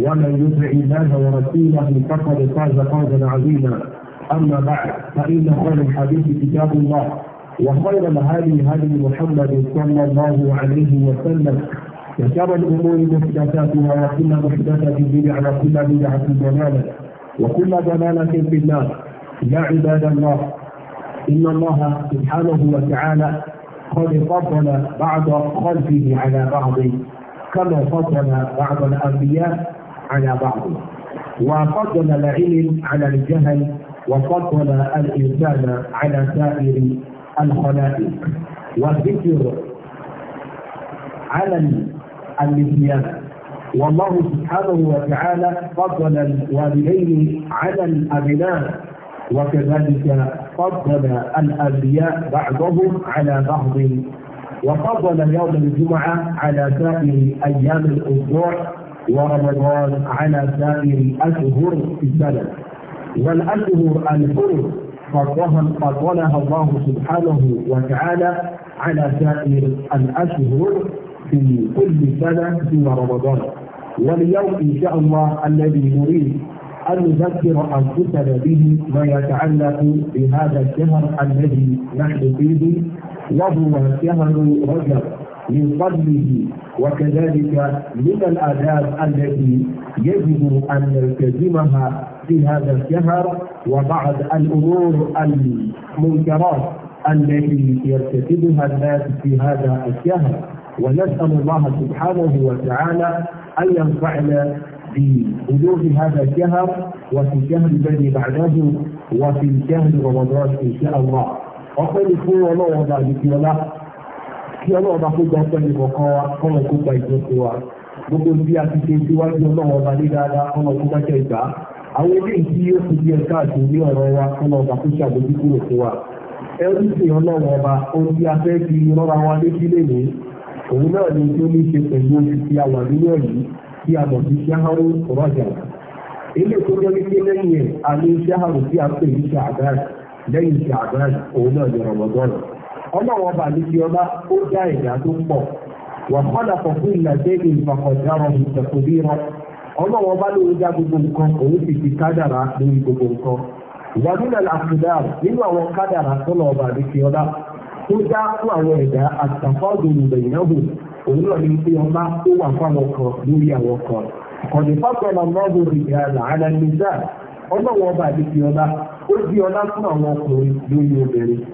ومن يطع الله ورسوله فقد فاز فوزا عظيما اما بعد فان خير الحديث كتاب الله وخير الهادي هدي محمد صلى الله عليه وسلم وشر الامور محدثاتها وكل محدثه بدعه وكل بدعه ضلاله وكل ضلاله في النار يا عباد الله ان الله سبحانه وتعالى قد فضل بعض خلقه على بعض كما فضل بعض الانبياء على بعض وفضل العلم على الجهل وفضل الإنسان على سائر الخلائق والذكر على النسيان والله سبحانه وتعالى فضل الوالدين على الأبناء وكذلك فضل الأنبياء بعضهم على بعض وفضل يوم الجمعة على سائر أيام الأسبوع ورمضان على سائر الأشهر في السنة والأشهر الحرم فضلها الله سبحانه وتعالى على سائر الأشهر في كل سنة في رمضان واليوم إن شاء الله الذي نريد أن نذكر أنفسنا به ما يتعلق بهذا الشهر الذي نحن فيه وهو شهر رجب من فضله وكذلك من الآداب التي يجب أن نلتزمها في هذا الشهر وبعض الأمور المنكرات التي يرتكبها الناس في هذا الشهر ونسأل الله سبحانه وتعالى أن ينفعنا ببلوغ هذا الشهر وفي الشهر الذي بعده وفي شهر رمضان إن شاء الله. اقول ni fún ọlọ́wọ́ ọba kí ọlọ́run bá kójọ pẹ̀lú kọ̀ọ̀kan wa kọ́nà kó gba ìjọsìn wa gbogbo bí a ti ṣe síwájú ọlọ́run ọba ní dáadáa kọ́nà kó bá jẹ́ ìgbà àwọn eléyìí tí ó ti di ẹ̀ka àti ní ọ̀rọ̀ wa kọ́nà ọba kó ṣàbójú kúrò fún wa ẹrú sí ọlọ́run ọba ohun tí a fẹ́ fi rọ́ra wa létí lèmi òun náà ni tó ní ṣe pẹ̀lú oṣù tí a wà nínú ẹ̀yí tí a mọ̀ sí ṣáhárù ọ̀rọ̀jà ilé tó jẹ́ wípé lẹ́yìn ẹ̀ a ní ṣáhárù tí a pè ní ṣàgbáàrì lẹ́yìn ṣàgbáàrì òun náà ni ọ̀rọ̀ ọlọ́wọ́ bá ní kí ọlá ó dá ìdá tó pọ̀ wà kọ́lá kọ̀kú ìlà déèlì ìfàkọ̀já rọ̀ ọlọ́wọ́ bá lórí dá gbogbo nǹkan òun sì ti kádàrá lórí gbogbo nǹkan wà nínú àkùdá nínú àwọn tọ́lọ̀ ọba ní kí dá fún àwọn ẹ̀dá ìgbẹ̀yìnàbò òun náà ní wà lórí àwọn kọ̀dé mọ́bù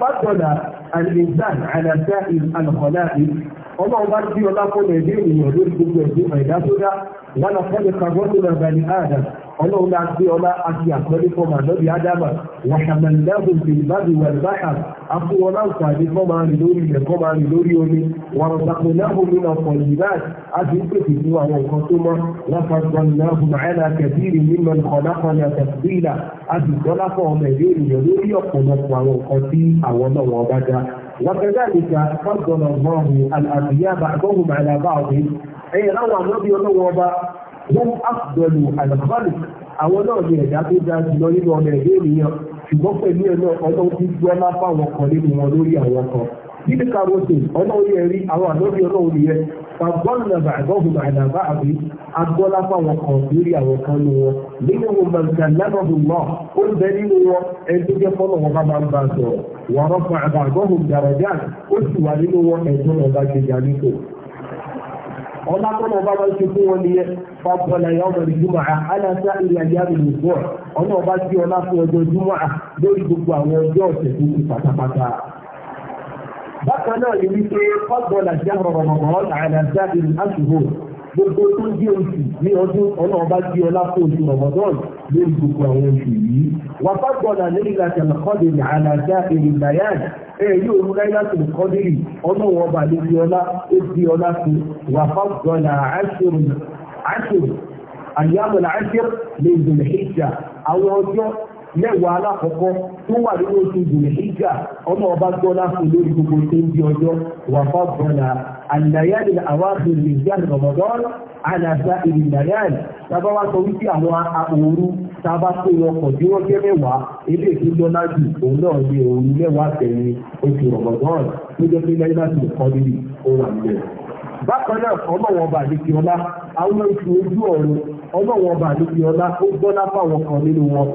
فضل الإنسان على سائر الخلائق ọlọ́run bá bí ọlá fọ́nà ẹ̀dẹ́ ènìyàn lórí gbogbo ẹ̀dẹ́ ẹ̀dá tó dá wọn lọ fọ́nà kàgbọ́n tó lọ bẹ̀rẹ̀ àdá ọlọ́run la gbé ọlá àti àpẹẹrẹ fọ́mà lọ́bí ádámà wàhàmàlẹ́bùn bèbáàbì wàlbáhà afúwọlá ìpàdé fọ́mà rìn lórí ilẹ̀ fọ́mà rìn lórí omi wàrọ̀sàkùn náà nínú ọ̀pọ̀ ìbáàdì àti ìpèsè fún àwọn nǹkan tó mọ́ láfàgbọ́n náà fún àyànà kẹfìrì nínú ọ̀nàkọ̀nà tẹ̀síìlà àti ìtọ́láfọ̀ ọmọ ẹ̀dẹ́ ènìyàn lórí ọ̀pọ̀lọpọ̀ àwọn nǹkan tí àwọn náà وكذلك فضل الله الأنبياء بعضهم على بعض أي روى النبي ونوبة هم أفضل الخلق àwọn náà ní ẹ̀dá tó dáa jùlọ nínú ọmọ ẹ̀dá ènìyàn ṣùgbọ́n pẹ̀lú ẹ̀ náà ọlọ́run ti gbọ́ lápá àwọn kan nínú wọn lórí àwọn kan nínú karosè ọlọ́run yẹn rí àwọn àlọ́bí ọlọ́run yẹn fagbọ́n náà bàgbọ́hùn àdàbà àbí agbọ́ lápá àwọn lórí àwọn kan nínú wọn nínú wọn màǹkà lábàbùn náà ó ń bẹ nínú wọn ẹni tó jẹ́ fọ́nà wọn bá máa ń bá a sọ̀rọ̀ wà rọ́pọ̀ àbàgọ́hùn dàrẹ́dà ó sì wà nínú wọn ẹ̀jọ́ ọba gbèjà nípò. ọba tó náà bá máa ń ṣe fún wọn nìyẹn bá bọ́lá ìyá ọmọ ìlú màá aláṣà ilẹ̀ ayé àmì ìgbọ́ ọ̀nà ọba tí ọlá fún ọjọ́ júmọ́ à lórí gbogbo àwọn ọjọ́ ọ̀sẹ̀ tó ti pátápátá. bákan náà ni wípé fọ́gbọ́n làjá rọ̀rọ̀ mọ́ gbogbo tó ń jẹ́ oṣù ní ọdún ọlọ́run bá jẹ́ ọlá fún oṣù ramadan lórí gbogbo àwọn oṣù yìí wà bá gbọ́dọ̀ lẹ́yìn láti àlàkọ́dé ní àlàjá èrè bayan ẹ̀ yóò mú láyé láti àlàkọ́dé rì ọlọ́run ọba lè fi ọlá ó fi ọlá fún wà bá gbọ́dọ̀ àṣírí àṣírí àyàmọ̀lá àṣírí lè dùn ìṣà àwọn ọjọ́ mẹ́wàá alákọ̀ọ́kọ́ tó wà nínú oṣù Dùnìhíjà ọmọ ọba gbọ́lá fún lórí gbogbo tó ń di ọjọ́ wà fà bọ́lá àlàyé àwọn àfihàn ìjáde Ramadan àlàsà ìrìnàyàn tábà wá sọ wípé àwọn òru tábà tó wọn kọ̀ tí wọ́n jẹ́ mẹ́wàá ilé ìtúndọ́ náà jù òun náà ní òru mẹ́wàá tẹ̀lé oṣù Ramadan tó jẹ́ pé lẹ́yìn láti kọ́ níbi ó wà nílẹ̀ bákan náà ọlọ́wọ́n ọba àdékè ọlá àwọn oṣù ojú ọ̀run ọlọ́wọ́n ọba àdékè ọlá ó gbọ́lá fáwọn kan nínú wọn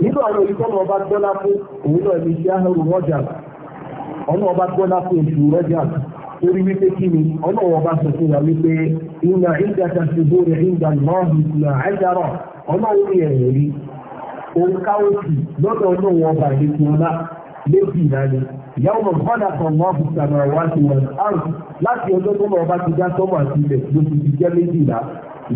nínú àwọn olùkọ́nà ọba gbọ́lá fún òun náà ní ṣáhẹ́rù rọ́jà ọ̀nà ọba gbọ́lá fún oṣù rọ́jà torí wípé kí ni ọ̀nà ọba sọ fún wa wípé ìnà ìdàkà ṣubú rẹ̀ ìgbà náà ìgbà àjàrà ọ̀nà orí ẹ̀rẹ̀ rí òun káwọ́sì lọ́dọ̀ ọ̀nà ọba ìdíkùn yàwó mọ̀ fọ́nà kan mọ́ fi sàmà wá sí wọn àrùn láti ọjọ́ tó lọ́ọ́ bá ti dá sọ́mọ̀ àti ilẹ̀ ló ti ti jẹ́ méjìlá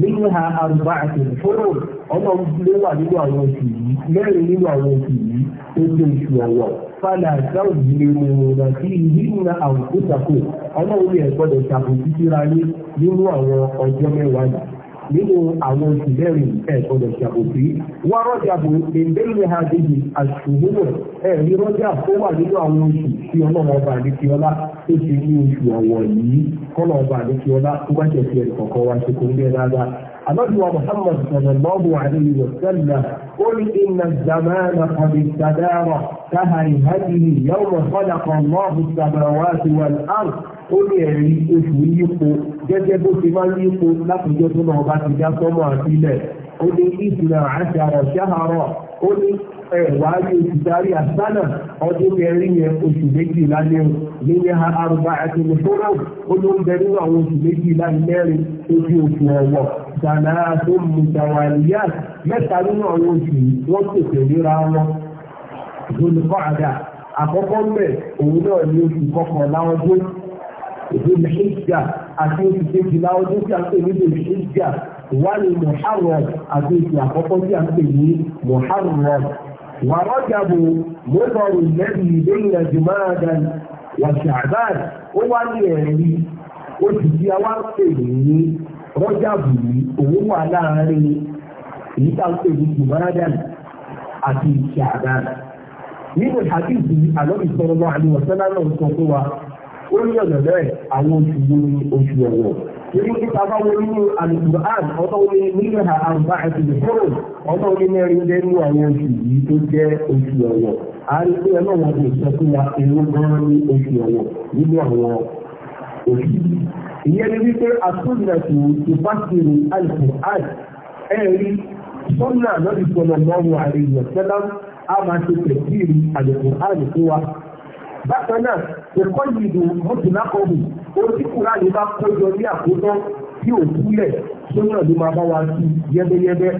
nínú ha àrùbá àti ìfóró ọmọ ilé wà nínú àwọn oṣù yìí mẹ́rin nínú àwọn oṣù yìí tó jẹ́ oṣù ọ̀wọ̀ fàlà àdáwò ilé mòràn sí ìhìnnà àwòkúsàkó ọmọ orí ẹ̀ gbọ́dọ̀ ṣàbòsí síra ní nínú àwọn ọjọ́ mẹ́wàá yìí nínú àwọn oṣù mẹ́rin ẹ̀ẹ́dọ̀dọ̀ ṣàbòsí wá rọ́jà bò èndéyìí ha déyìí àṣùwúrò ẹ̀rí rọ́jà tó wà nínú àwọn oṣù tí ọlọ́run ọba àdékiọlá tó ṣe ní oṣù ọ̀wọ̀ yìí kọ́nà ọba àdékiọlá tó bá jẹ́ fi ẹnìkọ̀ọ̀kan wá ṣe kò ń bẹ́ẹ̀ dáadáa àmọ́dúnwà Muhammad sallallahu alayhi wa sallam ó ní inna zamana qad istadara káhàrí hajjì yawma khalaqa Allahu samawati wal ard ó ní ẹ̀rí oṣù yípo gẹ́gẹ́ bó ti máa ń yípo látijọ́ tó náà bá ti dá sọ́mọ́ àtìlẹ̀ ó ní ìsìnà àti àrọ̀ṣáhàrọ̀ ó ní ẹ̀wàá ní oṣù darí àsánà ọdún kẹrin yẹn oṣù méjìlá ní nílé arúgbó àti mùsùlùmí ó ló ń bẹ nínú àwọn oṣù méjìlá mẹ́rin ojú oṣù ọ̀wọ̀ sànà tó mú jàwàlíyà mẹ́ta nínú àwọn oṣù tètè ní oṣù ìdòlùṣíjà àti oṣù kejìlá ọdún tí a ń pè ní ìdòlùṣíjà wà ní muharram àti oṣù àkọ́kọ́ tí a ń pè ní muharram mọ́tọ̀rù lẹ́bi ìdẹ́yìn wà ó wá ní ẹ̀rí oṣù tí a wá ń pè ní rọ́jàbò yìí òun wà láàárín èyí tá ń pè ní jùmáàdàn àti ṣàbáàd nínú ìhàdí àlọ́ náà náà sọ fún wa ó ní ọ̀nà bẹ́ẹ̀ àwọn oṣù wo ni oṣù ọ̀wọ̀ nínú nípa bá wọn nínú alukur'an ọ̀tọ̀ wọn ní nílẹ̀ ha àrùbá àti ìfọ́rọ̀ ọ̀tọ̀ wọn ní mẹ́rin jẹ́ nínú àwọn oṣù yìí tó jẹ́ oṣù ọ̀wọ̀ a rí pé ọlọ́wọ́ kò sọ fún wa èrò gan-an ní oṣù ọ̀wọ̀ nínú àwọn oṣù yìí ìyẹn ni wípé asúnàtù ìfásitì alukur'an ẹ̀rí sọ́nà lọ́dún sọ̀rọ̀ lọ́wọ́ àríyàn sẹ́lá a máa ṣe tẹ̀síìrì alukur'an fún wa bákan náà ẹ̀kọ́ yìí ló mọ́tòlákọ̀ọ́bù oríkùnrin àlè máa kọjọ ní àkótán tí ò kúlẹ̀ sóyún ló máa bá wa sí yẹ́bẹ́yẹ́bẹ́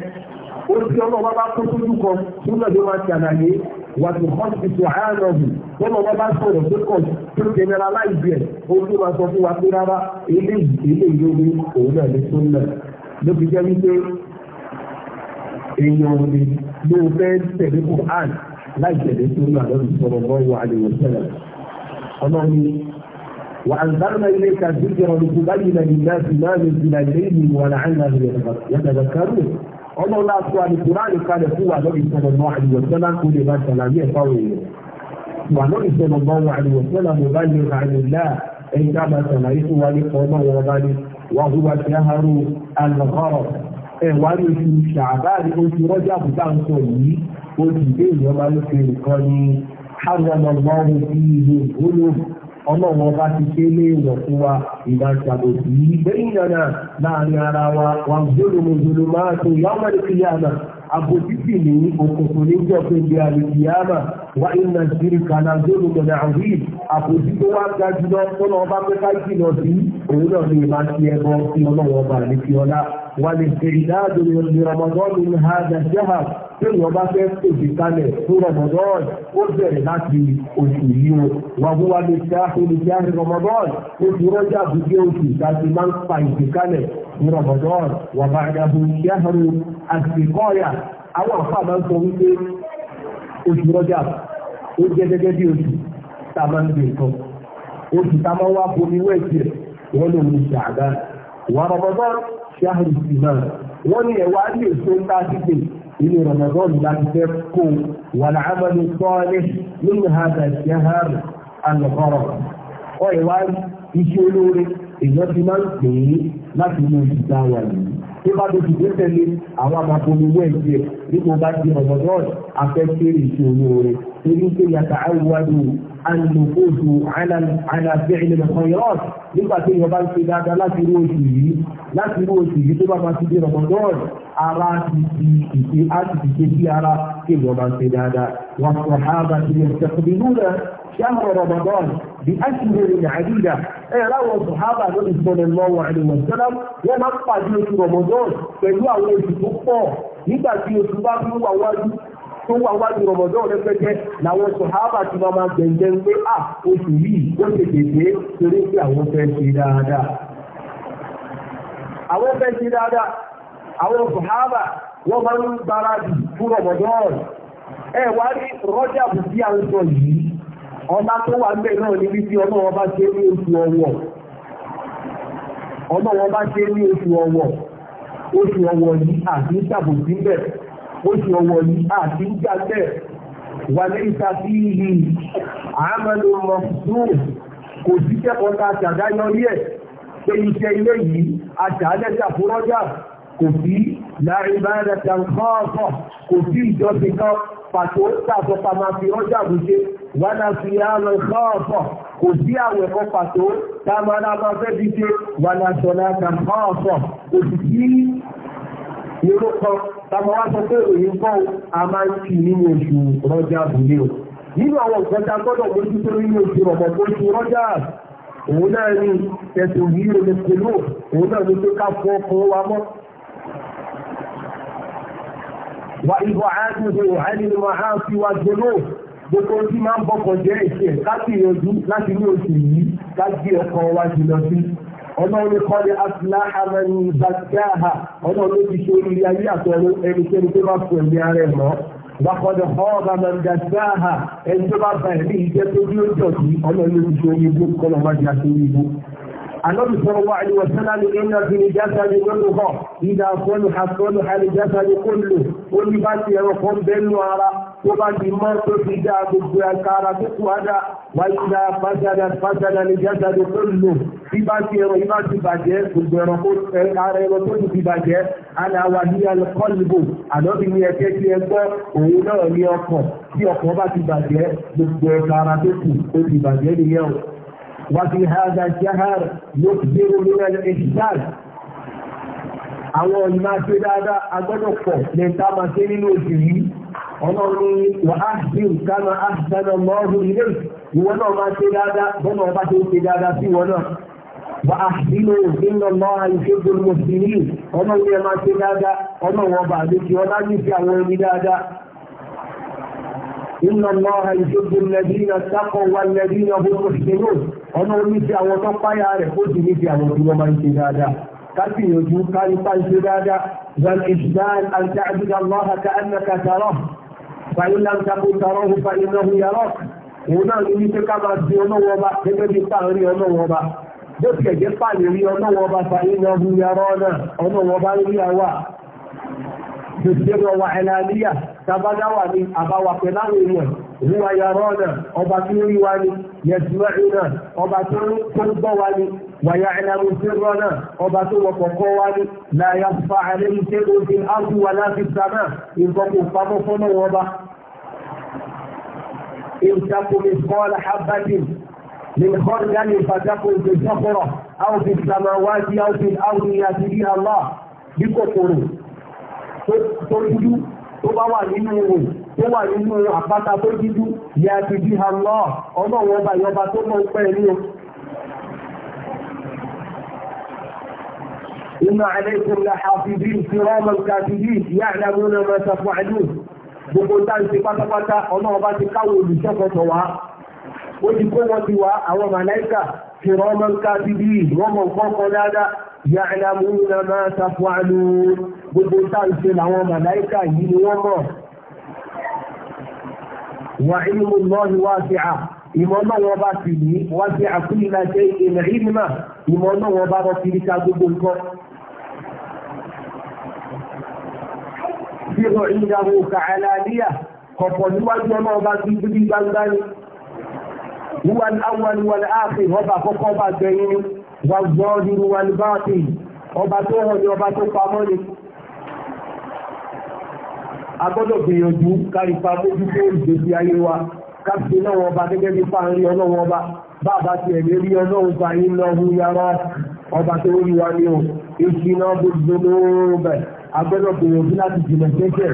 oríṣi ọlọ́wọ́ bá kó sójú kan sóyún ló máa ṣàlàyé wàtí hospital àárọ̀bù tọ́lọ̀ wọn bá sọ̀rọ̀ tó kọ̀ tó generalize ẹ̀ ó tó máa sọ fún wa pé rárá eléyìí eléyìí ló ní òun náà ní sóyún ló fi jẹ́ wípé èèyàn ò lè ló fẹ́ tẹ̀lé kùn áàlì láì tẹ̀lé tó ní àlọ́ ìsọ̀rọ̀ lọ́wọ́ àlèwọ̀ sẹ́lẹ̀. ọmọ mi wà á dáná ilé ka zikir ọ̀dùkú báyìí na ní náà sí náà lè fi náà lè yìí wà láì náà lè yàtọ̀ kárù. ọmọ náà sọ àdìkúrá àdìkalẹ̀ fún wa lọ́wọ́ ìsọ̀rọ̀ lọ́wọ́ àlèwọ̀ sẹ́lẹ̀ kó lè má sàlàyé ẹ̀fọ́ òye. wà lọ́wọ́ ìsọ̀rọ̀ lọ́wọ́ àlèwọ̀ sẹ́lẹ̀ mo bá lè rà nílá ẹ̀yìn ká máa sàlàyé fún wa nípa ọmọ wọn bá ní wà hùwà sí àhárò àlọ́kọ́rọ̀ ẹ̀ wá ní oṣù ṣàbáàrí oṣù rọ́jà bùtà ń sọ yìí olùdé èèyàn máa ń fi nǹkan ní hàgbàmọ̀lọ́rùn sí ilé ìgbóná ọlọ́run ọba ti ṣe léèwọ̀ fún wa ìbáṣàbò sí gbẹ̀yìnàna láàrin ara wa wà gbólómọdòdó máa tó yàwọ̀n kìyàmà àbòsísì ní òkùnkùn níjọ́ pé bí a lè kìyàmà wà ìnà ìsìnkà náà gbólómọdà àwí àbòsí tó wá ga jùlọ tọ́lọ́ ọba pé ká jìnà sí òun náà ní ìbá ti ẹbọ sí ọlọ́run ọba àlekíọlá wà lè fèrè dáàdó ní ọmọdọ́ọ̀lù téèyàn bá fẹ́ tètè kalẹ̀ fún Ramadan ó bẹ̀rẹ̀ láti oṣù yìí o wà fún wa lè ṣe àfẹnusẹ àti Ramadan oṣù rọjà àbújá oṣù láti máa ń pa ìdíkalẹ̀ fún Ramadan wà bá dàbò ṣẹ́hìn àtìkọ́yà àwọn àfa máa ń sọ wípé oṣù rọjà ó jẹ́ gẹ́gẹ́ bí oṣù tá a máa ń gbé nǹkan oṣù tá a máa ń wá bomi wẹ̀ẹ̀sì rẹ̀ wọ́n lè mú ṣàdá wà Ramadan ṣẹ́hìn ìsìnà inú Ramadan láti fẹ́ kó wal amalu salih min hadha al-shahr al-mubarak ọ ìwà iṣẹ́ olóore èèyàn ti máa ń pè é láti mú ìta wà ní tí bá tó dìde tẹ̀lé àwọn àmàbomi wẹ̀ díẹ̀ nígbà bá di ọ̀mọ̀dọ́ọ̀dì afẹ́fẹ́rẹ́ ìṣòro rẹ̀ torí pé yàtà àwùwádìí alùpùpù alàbẹ̀rẹ̀ lẹ́kọ̀ọ́yọ́t nígbà tí ìyọba ń ṣe dáadáa láti irú oṣù yìí láti irú oṣù yìí tó bá máa ti di rọ̀mọ̀dọ́ọ̀d ara ti di ìṣe á ti ti ṣe bí ara tí ìyọba ń ṣe dáadáa wọ́n sọ شهر رمضان بأشهر عديدة أي رأوا الصحابة النبي صلى الله عليه وسلم وما في رمضان pẹ̀lú àwọn oṣù tó pọ̀ nígbà otu oṣù tó wà wájú tó wà wájú rọmọdọ́ làwọn sọ̀hábà tí wọ́n máa gbẹ̀ǹjẹ̀ ń pé à oṣù yìí ó ṣe tètè torí pé àwọn ṣe dáadáa. àwọn ṣe dáadáa àwọn máa ọma tó wà mẹ́ náà níbi tí ọlọ́wọ́ bá ṣe ní oṣù ọwọ́ ọlọ́wọ́ bá ṣe ní oṣù ọwọ́ oṣù ọwọ́ yìí àti ìṣàbòsí bẹ̀ oṣù ọwọ́ yìí àti ìjàgbẹ̀ wà ní ìsàkí ìhì àmàlò mọ̀sùn kò sí kẹ́kọ̀ọ́ ta ẹ̀ pé iṣẹ́ ilé yìí kò sí láàrin bá ẹ̀rẹ̀ wàdà sí àlọ́ ìkọ́ọ̀fọ̀ kò sí àwẹ̀ kan pàtó táwọn àbá fẹ́ fi ṣe wàdà sọ̀dà kàkọ́ọ̀fọ̀ kò sì sí irú kan táwọn wá sọ pé òyìn kan a máa ń kì nínú oṣù rọ́jà bùlé o nínú àwọn nǹkan tá a gbọ́dọ̀ mójútó nínú oṣù rọ̀mọ̀ tó ṣe rọ́jà òun náà ní ẹ̀sùn yìí lè kúlò òun náà ló tó ká fún ọkùnrin wa mọ́ wa ìbọn àádùn ìhòòhán nínú àá fi wa gbólóò gbogbo tí máa ń bọ́kọ̀ jẹ́ ìṣe káàkiri láti ní oṣù yìí láti ọkọ̀ wa jùlọ sí ọlọ́run kọ́ ní asìlá amẹ́ni bàtíáhà ọlọ́run ti ṣe orí ayé àtọ̀rọ̀ ẹnikẹ́ni tó bá fún ẹ̀mí ara ẹ̀ mọ́ bàkọ́dọ̀ ọ̀ọ́bà mẹ́ndàtíáhà ẹni tó bá ba ẹ̀mí ìjẹ́ tó bí ó jọ̀ sí ọlọ́run ti ṣe orí ibú kọ́lọ́ má jà sí ibú. النبي صلى الله عليه وسلم إن في الجسد مضغة إذا صلح صلح الجسد كله قل بس يقوم بالنهار tó bá ti mọ́ tó fi dá gbogbo ẹ̀ka ara tó kù ádá wáyídá fásádà fásádà lè jáde àdó tó lò bí bá ti ẹ̀rọ ibá ti bàjẹ́ gbogbo ẹ̀rọ kó ara ẹ̀rọ tó ti bàjẹ́ aláwa ní alkọ́lìbò àdọ́bí ní ẹ̀kẹ́ tí ẹ gbọ́ òun náà ní ọkọ̀ tí ọkọ̀ bá ti bàjẹ́ gbogbo ẹ̀ka ara tó kù ó ti bàjẹ́ nìyẹn wàfi hàdà jahar ló gbèrò nínú ẹ̀ṣìṣàn àwọn ìmáṣe dáadáa agbọ́dọ̀ pọ̀ lẹ́ta máa ṣe nínú òṣèlú ọlọ́run wà á bí nǹkan á dáná lọ́rùn ilé ìwọ náà máa ṣe dáadáa bọ́nà ọba tó ṣe dáadáa sí ìwọ náà wà á bí ló ń lọ lọ àìṣègbè mùsùlùmí ọlọ́run yẹn máa ṣe dáadáa ọlọ́run ọba àdókè ọlá nífẹ̀ẹ́ àwọn ẹni dáadáa. إن الله يحب الذين اتقوا والذين هم محسنون ọ̀nà oníṣẹ́ àwọn tó páyà rẹ̀ ó sì níṣẹ́ àwọn tí wọ́n máa ń ṣe dáadáa káàkì ìyànjú kárípá ń ṣe dáadáa wọn ìṣdáàn àti àbúdá lọ́ha ká ẹnìkan tààrọ̀ fàyín láńtàkù tàrọ́hùn fàyín náà yàrọ́ọ̀kù òun náà ní wípé ká máa di ọlọ́wọ́ ọba gẹ́gẹ́ bí páàrí ọlọ́wọ́ ọba bó ti ẹ̀jẹ̀ páàlì rí ọlọ́wọ́ ọba fàyín náà bu yàrọ́ náà ọlọ́wọ́ ọba rí àwà tòṣìṣẹ́ Olúwa yàrá náà, ọba tí ó rí wa ni, yẹ̀sùmọ́ náà, ọba tó ń gbọ́ wa ni, wàyà ìlànà ìṣẹ́rọ náà, ọba tó wọ kọ̀ọ̀kọ́ wa ni, láyà fa àlẹ́ iṣẹ́ òfin áàbù wà láti sàmà, nǹkan kò pamọ́ fọ́nà wọn bá. Ìṣàkómi kọ́lá habbatin, lè kọ́ ìdánilẹ̀ ìfàjákò ìṣẹ́kọ̀rọ̀, àwọn fi sàmà wájú, àwọn fi àwọn ìyàtì bí Allah, bí kòkòrò tó dúdú tó bá wà nínú òun tó wà nínú àpáta tó dídú yà ti bí ha lọ ọmọ wọn bá yọba tó mọ́ pẹ́ ní o inna alaykum la hafidin kiraman katibin ya'lamuna ma taf'alun gbogbo tá ń ṣe pátápátá ọmọ ọba ti káwọ olùṣọ́kọ̀tọ̀ wá ó ti kó wọn ti wá àwọn màláìkà kiraman katibin wọ́n mọ̀ kọ́kọ́ dáadáa ya'lamuna ma taf'alun gbogbo tá ń ṣe màláìkà yìí ni wọ́n mọ̀ wà ilmu Allahi wasi'a ìmọ̀ náà wọn bá sì ní wasi'a kulla shay'in ilma ìmọ̀ náà wọn bá bọ́ kiri ká gbogbo nǹkan. Bírò ìdáwó ka'alaniya kọ̀pọ̀ níwájú ọmọ ọba sí ibi gbangba ni. Wọ́n àwọn wọn áàfin ọba àkọ́kọ́ ọba gbẹ̀yìn ni. Wọ́n gbọ́ ọdún wọn bá ti ọba tó hàn ní ọba tó pamọ́ ni a gbọ́dọ̀ gbìyànjú kárípa mójú tó ìgbésí ayé wa káàkiri náà wọn bá gẹ́gẹ́ bí fáàrí ọlọ́wọ́ ọba bàbá ti ẹ̀mí rí ọlọ́run bá yín lọ́hún yàrá ọba tó rí wa ní o ìṣìnà gbogbo bẹ̀ agbẹ́dọ̀ gbìyànjú láti jìnà jẹ́jẹ́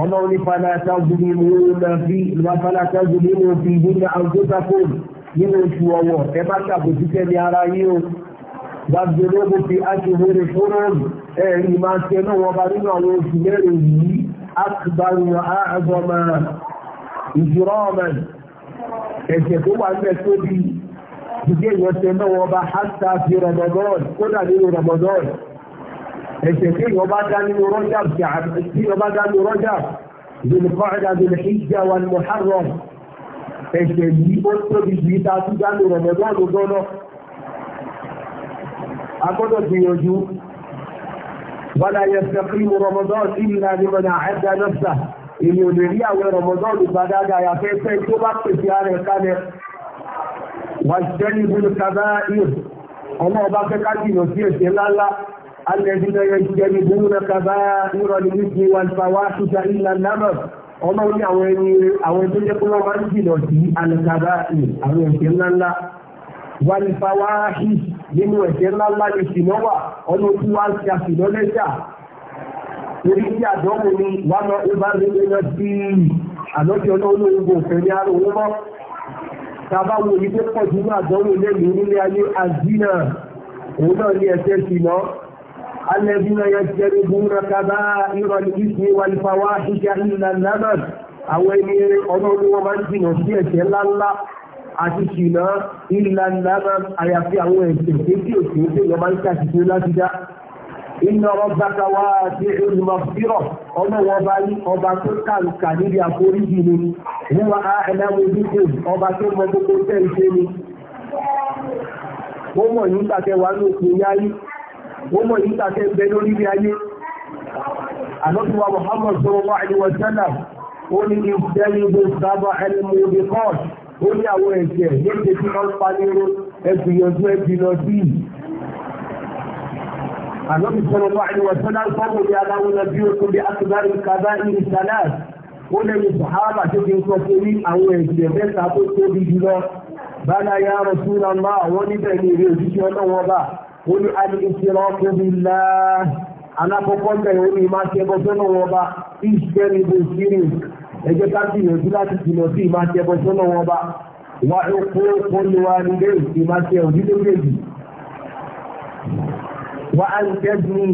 ọlọ́run ní fàlàtà gbìyànjú ní fàlàtà gbìyànjú fi nínú àgbẹ́sàkùn nínú oṣù ọwọ́ ẹ bá ṣàbòsí tẹ́lẹ̀ ara yín o gbàgbé lóbo fi aṣèwéré fóró ẹ̀rí máa tẹ náà wọn nínú àwọn oṣù mẹ́rin yìí أكبر wa a'zama ìjìrọ́ọ̀mẹ̀ ẹ̀ṣẹ̀ tó wà nílẹ̀ tó bí ìgbé ìwọ̀sẹ̀ náà ọba hátà fi Ramadan kódà nínú Ramadan ẹ̀ṣẹ̀ tí ìwọ̀bá dá nínú rọ́jà tí ìwọ̀bá dá nínú rọ́jà Dhul-Qa'da Dhul-Hijja wal-Muharram ẹ̀ṣẹ̀ yìí ó tóbi yìí tá a tún dá nínú Ramadan lọ́dọ́ ولا يستقيم رمضان إلا لمن أعد نفسه èyí ò lè rí àwọn Ramadan ìgbàdága àyàfẹ́ pé tó bá pèsè ààrẹ kalẹ̀ wà jẹ́lì bú kàbá ìr ọmọ ọba fẹ́ kájìnà sí ẹ̀ṣẹ̀ ńláńlá alẹ́dínlẹ̀ yẹ jẹ́lì bú kàbá ìrọ̀ ní wípé wà fàwá ṣúta ìlà lámà ọmọ ní àwọn ẹni àwọn tó jẹ́ pé wọ́n máa ń jìnà sí alẹ́kàbá ìr àwọn ẹ̀ṣẹ̀ ńláńlá wà fàwá ṣíṣ nínú ẹ̀ṣẹ̀ ńláńlá ni ṣìnà wà ọ̀nà ojú wa ń ṣe àṣìnà lẹ́ṣà torí tí àdánwò ni wà lọ ìbá lóye lọ sí àlọ́jọ́ náà olóògùn òfin ní ara òun mọ́ tàbá wo ní pé pọ̀ jùlọ àdánwò lẹ́nu nílé ayé àzínà òun náà ní ẹ̀ṣẹ̀ ṣìnà alẹ́bínà yẹn ti ẹni búrú kaba ìrọ̀ ní ìsìn wàlífàwá ìjà ìlànà náà àwọn ẹni ọ̀nà olówó máa ń jìnà sí ẹ̀ṣẹ̀ ńláńlá àti ṣìnà ìlànà àyàfi àwọn ẹ̀sìn kéjì òsì ó tẹ̀yọ máa ń ṣàṣìṣe láti dá iná ọgbàta wá sí olùmọ̀fírọ̀ ọmọ wọn bá ní ọba tó kàǹkà níbi àforíjì ni wíwá ẹ̀dáwó dídò ọba tó mọ gbogbo tẹ̀ ń ṣe ni ó mọ̀ yìí tàkẹ́ wà ní òkú ó mọ̀ yìí tàkẹ́ bẹ lórí bí ayé àlọ́tíwà Muhammad sọ́wọ́ àìwọ̀sánà ó ní ìfẹ́lẹ́gbẹ̀ sábà ẹlmùdíkọ́ọ̀tì ó ní àwọn ẹ̀jẹ̀ lóde tí wọ́n pa níró ẹgbìyànjú ẹbí lọ sí i. Àlọ́bí sọ̀rọ̀ bá àìní wọ̀ sọ́dá fọ́ọ̀mù ní aláwọn ọbí okùn bí Akíbárì Kàbá ìlú Sàlát. Ó lẹ́nu Sàhábà tó fi ń sọ pé ní àwọn ẹ̀jẹ̀ mẹ́ta tó tóbi jùlọ. Bálá ya Rasulullah àwọn níbẹ̀ ní eré òṣìṣẹ́ ọlọ́wọ́ bá. Ó ní Alìsirọ́ tóbi láà. Alákọ̀ọ́kọ́ bẹ̀rẹ̀ ó ní máa ṣe sọ́nà wọn bá. Ìṣẹ́ ni Bòsírì ẹ jẹ́ ká gbìyànjú láti jìnà sí ìmáa ṣe ẹbọ sọ́nà wọn bá wá epo pọ́nlé wa ní ilé ìmáa ṣe òdílé méjì. wá á ń tẹ́gùn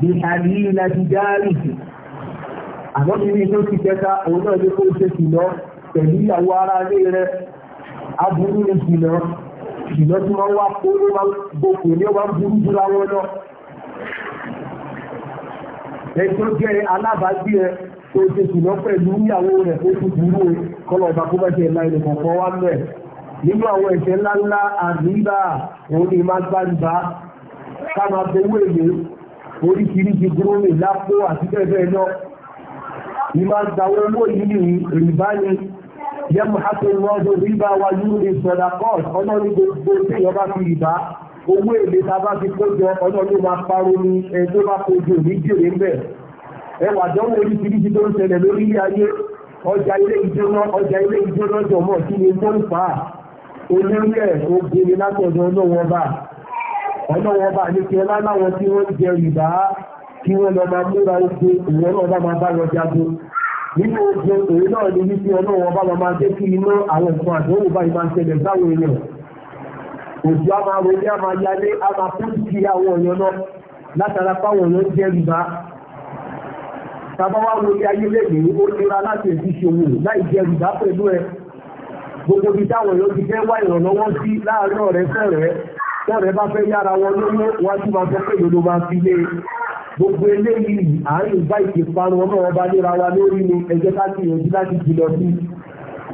bí àlìyí láti dáárì àmọ́ bí inú ti kẹta òun náà ní kó ṣe ṣìnà pẹ̀lú ìyàwó ara ilé rẹ̀ aburú ní ṣìnà ṣìnà tí wọ́n wá kó ló máa gbòkè ní ọba burú jùlọ wọn náà. ẹ jẹ́ alábàágbé ẹ ó ti kùnà pẹ̀lú ìyàwó rẹ̀ ó ti dúró kọ́lọ̀ ọba kó mẹ́sẹ̀ ńlá ilẹ̀ kọ̀ọ̀kan wá mẹ́ nínú àwọn ẹ̀ṣẹ̀ ńláńlá àdúgbà òun ni máa gbàgbà ká máa bowó èlé oríṣiríṣi gúrómì lápò àti bẹ́ẹ̀ bẹ́ẹ̀ lọ ni máa gbàwọ́ owó yìí ní rìbá ni yẹ́mù hápẹ́lọ́dọ̀ rìbá wa yúrò ní sọ̀dà kọ́ọ̀t ọ̀nà ní gbogbo tí ìyọba fi rìbá owó èlé ta bá fi kójọ ọ̀nà ẹwà dánwò oríṣiríṣi tó ń ṣẹlẹ̀ lórí ayé ọjà ilé ìjọba ọjà ilé ìjọba jọmọ kí ni tó ń fà á olórí ẹ̀ obìnrin látọ̀dọ̀ ọlọ́wọ́ bá ọlọ́wọ́ bá ní kí ọlá láwọn tí wọ́n jẹ ìbá kí wọ́n lọ máa múra ogun ìwọ́n náà bá máa bá lọ jáde nínú ogun òun náà ní wípé ọlọ́wọ́ bá máa jẹ́ kí iná àwọn nǹkan àdánwò báyìí máa ń ṣẹlẹ̀ sáwọn èèyàn òjò a máa wọlé a máa yalé a máa pọ́ńtì àwọn èèyàn náà látara páwọn èèyàn jẹ ìbá tàbá wá wo ilé ayé lẹ́yìn ó nira láti ẹ̀bí ṣòwò láì jẹ ìgbà pẹ̀lú ẹ gbogbo ibi táwọn èèyàn ti fẹ́ wá ìrànlọ́wọ́ sí láàárín ọ̀rẹ́ fẹ́rẹ́ tọ́rẹ́ bá fẹ́ yára wọn lówó wá tí máa sọ pé lòlò máa fi lé gbogbo eléyìí àárín ìgbà ìkẹparun ọmọ ọba léra wa lórí ni ẹjẹ́ láti yanjú láti jìnà sí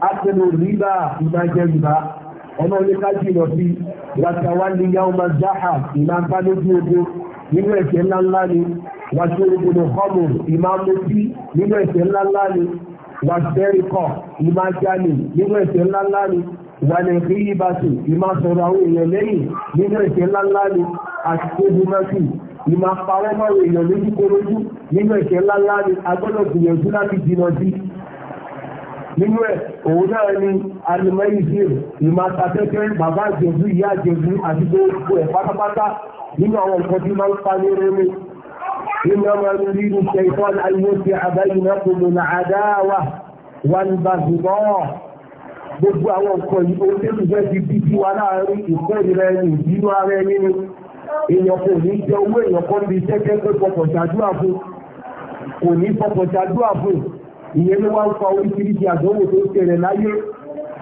àtẹnu rírà ìmájẹ rírà ọmọ ilé ká jìnà sí ìgbàtàwá ní yahoo mazahab ìmáńbá lójú ogun nínú ẹ̀jẹ̀ ńláńlá ni wàṣẹ ìgbòho họ́mù ìmáàmùtí nínú ẹ̀ṣẹ̀ ńláńlá ni wàṣẹ́ríkọ̀ ìmájáni nínú ẹ̀ṣẹ̀ ńláńlá ni wàlẹ̀kí ìbáṣe ìmáṣọ̀rọ̀ àwọn èèyàn lẹ́yìn nínú ẹ̀ṣẹ̀ ńláńlá ni àti ìgbòmọ́sí ìmápawọ́mọ́rọ̀ èèyàn lójúkorojú nínú ẹ̀ṣẹ̀ ńláńlá ni agbọ́dọ̀ gbìyànjú láti jìnà sí nínú ẹ̀ òun náà ni alimẹ́yìíṣẹ́ ìmáṣàtẹ́tẹ́ bàbá àjẹ̀bú ìyá àjẹ̀bú àti gbogbo ẹ̀ pátápátá nínú àwọn nǹkan tí máa ń pa ní إنما يريد الشيطان أن يوسع بينكم العداوة والبغضاء gbogbo àwọn nǹkan olóògbé ti bí tí wa láàárín ìkórìíra ẹni ìbínú ara ẹni ni èèyàn kò ní jẹ owó èèyàn kan bí pé ṣàdúrà fún kò ní ṣàdúrà fún ìyẹn ló wá ń fa oríṣiríṣi àdánwò tó ń láyé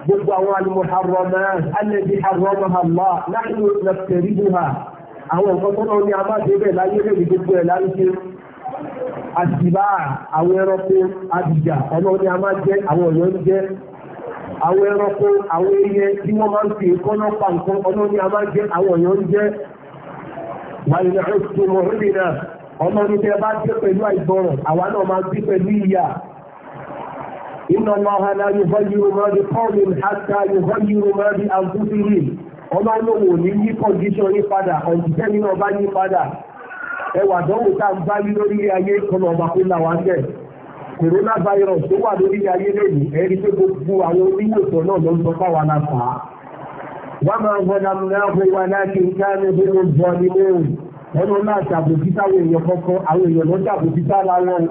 gbogbo àwọn ha. àwọn nǹkan tó náà ní a máa débẹ̀ láyé lè gbogbo ẹ̀ láyé àtìbá àwọn ẹranko àbìjà ọ̀nà ní a máa jẹ́ àwọn ọ̀yọ́ ń jẹ́ àwọn ẹranko àwọn ẹyẹ tí wọ́n máa ń fi ìkọ́nà pa nǹkan ọ̀nà ní a máa jẹ́ àwọn ọ̀yọ́ ń jẹ́ wàyí náà tó mọ̀ rí náà ọmọ ní tẹ́ bá jẹ́ pẹ̀lú àìgbọràn àwa náà máa gbé pẹ̀lú ìyà inna Allaha la yughayyiru ma bi qawmin hatta ọmọ olówó ní yí kọ́ndíṣọ́ yí padà ọ̀dùnkẹ́ nínú ọba yí padà ẹwà dánwò tá à ń bá yí lórí ayé kọ́nà ọba kó là wá bẹ́ẹ̀ corona virus tó wà lórí ayé lẹ́yìn ẹ̀rí pé gbogbo àwọn oníwòsàn náà ló ń sọ fáwọn aláfà wọ́n máa ń gbọ́dọ̀ mẹ́rin wọn láti ń káàmì bí wọ́n bọ́ ní mẹ́rin ọlọ́run náà ṣàbòsí táwọn èèyàn kọ̀ọ̀kan àwọn èèyàn lọ́jà àbòsí tá láwọn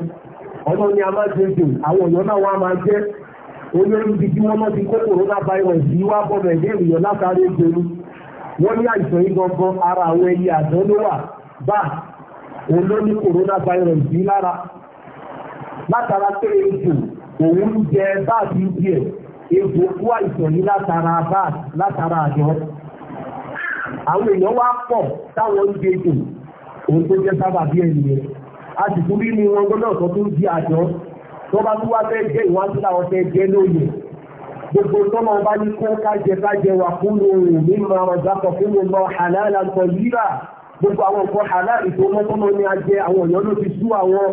ọlọ́run ni a máa ń ṣe ètò àwọn èèyàn náà wọ́n á máa jẹ́ onye ibi tí wọ́n lọ ti kó corona virus yìí wá bọ́ nàìjíríà látàrí ìgbèrú wọ́n ní àìsàn yìí gangan ara àwọn ẹyẹ àdán ló wà bá olórí corona virus yìí lára látara pé ètò òun jẹ báàbí díẹ̀ ètò kú àìsàn yìí látara báà látara àjọ àwọn èèyàn wá pọ̀ táwọn ń gbé ètò òun tó sábàbí nìyẹn a sì tún ni wọn tó bá tún wá fẹ́ jẹ́ ìwájú làwọn fẹ́ jẹ́ lóye gbogbo tọ́mọ bá ní kó kájẹ kájẹ wà fún ohun mímọ àwọn ìgbàkọ̀ fún ọmọ àlàálà ń tọ́jú rà gbogbo àwọn nǹkan àláàrí tó mọ́ tọ́mọ ní ajẹ àwọn èèyàn ló ti sú àwọn